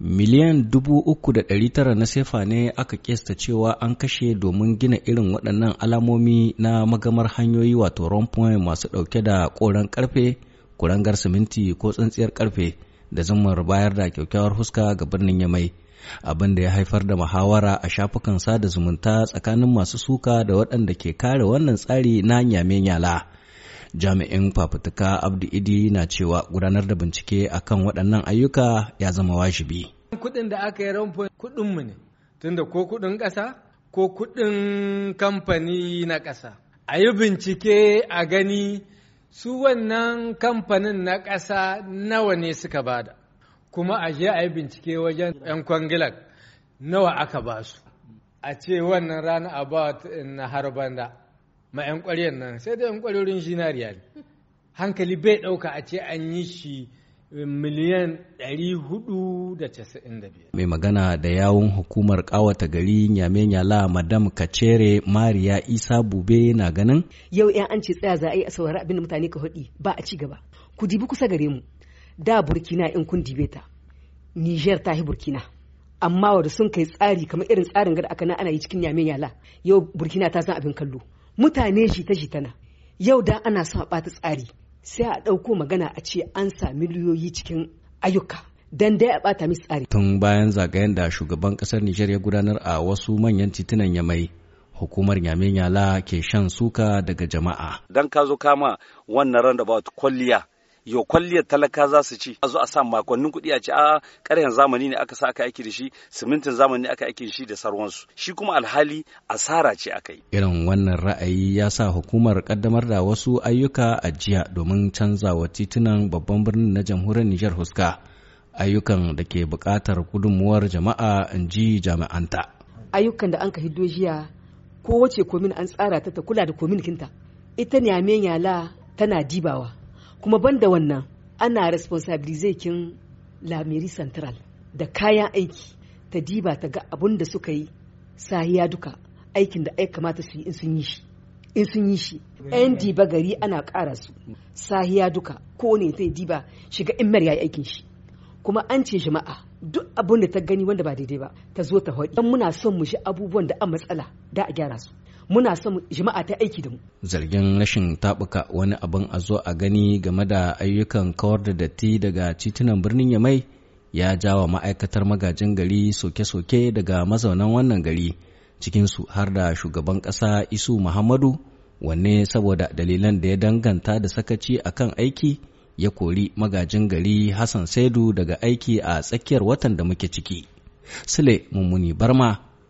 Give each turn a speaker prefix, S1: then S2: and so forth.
S1: miliyan dubu uku ɗari tara na sefa ne aka kesta cewa an kashe domin gina irin waɗannan alamomi na magamar hanyoyi wato rompoint masu ɗauke da ƙoran ƙarfe kurangar siminti ko tsintsiyar ƙarfe da zumar bayar da kyaukyawar huska ga birnin yamai abin da ya haifar da muhawara a shafukan sada zumunta tsakanin masu suka da waɗanda ke kare wannan tsari na nyame nyala jami'in fafutuka abdu idi na cewa gudanar da bincike a kan waɗannan ayyuka ya zama wajibi
S2: kuɗin da aka yi rumfo mu ne tunda ko kuɗin ƙasa ko kuɗin kamfani na ƙasa a yi bincike a gani su wannan kamfanin na ƙasa nawa ne suka bada kuma a je a yi bincike wajen 'yan kwangilak nawa aka basu? su a ce wannan rana about na harbanda ma 'yan nan sai da 'yan ƙwarorin zinariya ne hankali bai ɗauka a ce an yi shi eh, miliyan 495.
S1: Mai magana da yawun hukumar kawata gari nyame nyala Madam Kacere Mariya Isa Bube na ganin.
S3: Yau 'yan an ce tsaya za a yi a saurari abin da mutane ka hudi ba a ci gaba. Ku dibi kusa gare mu. Da Burkina in kun dibe ta. Niger ta yi Burkina. Amma wadda sun kai tsari kamar irin tsarin gada aka na ana yi cikin nyame nyala, Yau Burkina ta san abin kallo. mutane jita ta na yau da ana son a ɓata tsari sai a ɗauko magana a ce an sa miliyoyi cikin ayyuka dan dai a ɓata musu tsari.
S1: Tun bayan zagayen da shugaban ƙasar Nijar ya gudanar a wasu manyan titunan Yamai hukumar Yamin Yala ke shan suka daga jama'a. Dan ka zo kama wannan roundabout kwalliya yau kwalliyar talaka za su ci a zo a sa makonnin kuɗi a ci a ƙaryan zamani ne aka sa aka aiki da shi simintin zamani aka aiki da shi da sarwansu shi kuma alhali asara ce aka yi irin wannan ra'ayi ya sa hukumar kaddamar da wasu ayyuka a jiya domin canzawa titunan babban birnin na jamhuriyar Nijar huska ayyukan da ke buƙatar gudunmuwar jama'a in ji jami'anta
S3: ayyukan da an ka hiddo jiya ko wace komin an tsara ta ta kula da komin kinta ita ne yala tana dibawa kuma banda wannan ana responsabilize kin lamiri central da kayan aiki ta diba ta ga abun da suka yi sahiya duka aikin da ai kamata su yi in sun yi shi in sun yi shi yan mm. diba gari ana kara su sahiya duka ko ne ta diba shiga in mar yi aikin shi kuma an ce jama'a duk abun da ta gani wanda ba daidai ba ta zo ta haɗi dan muna son mu shi abubuwan da an matsala da a gyara su muna son jama'a ta aiki da mu
S1: zargin rashin tabuka wani abin a zo a gani game da ayyukan kawar da datti daga titunan birnin yamai ya ja wa ma'aikatar magajin gari soke-soke daga mazaunan wannan gari cikinsu har da shugaban ƙasa isu muhammadu wanne saboda dalilan da ya danganta da sakaci a kan aiki ya kori magajin gari hassan saidu daga aiki a tsakiyar watan da
S3: muke ciki sule mummuni barma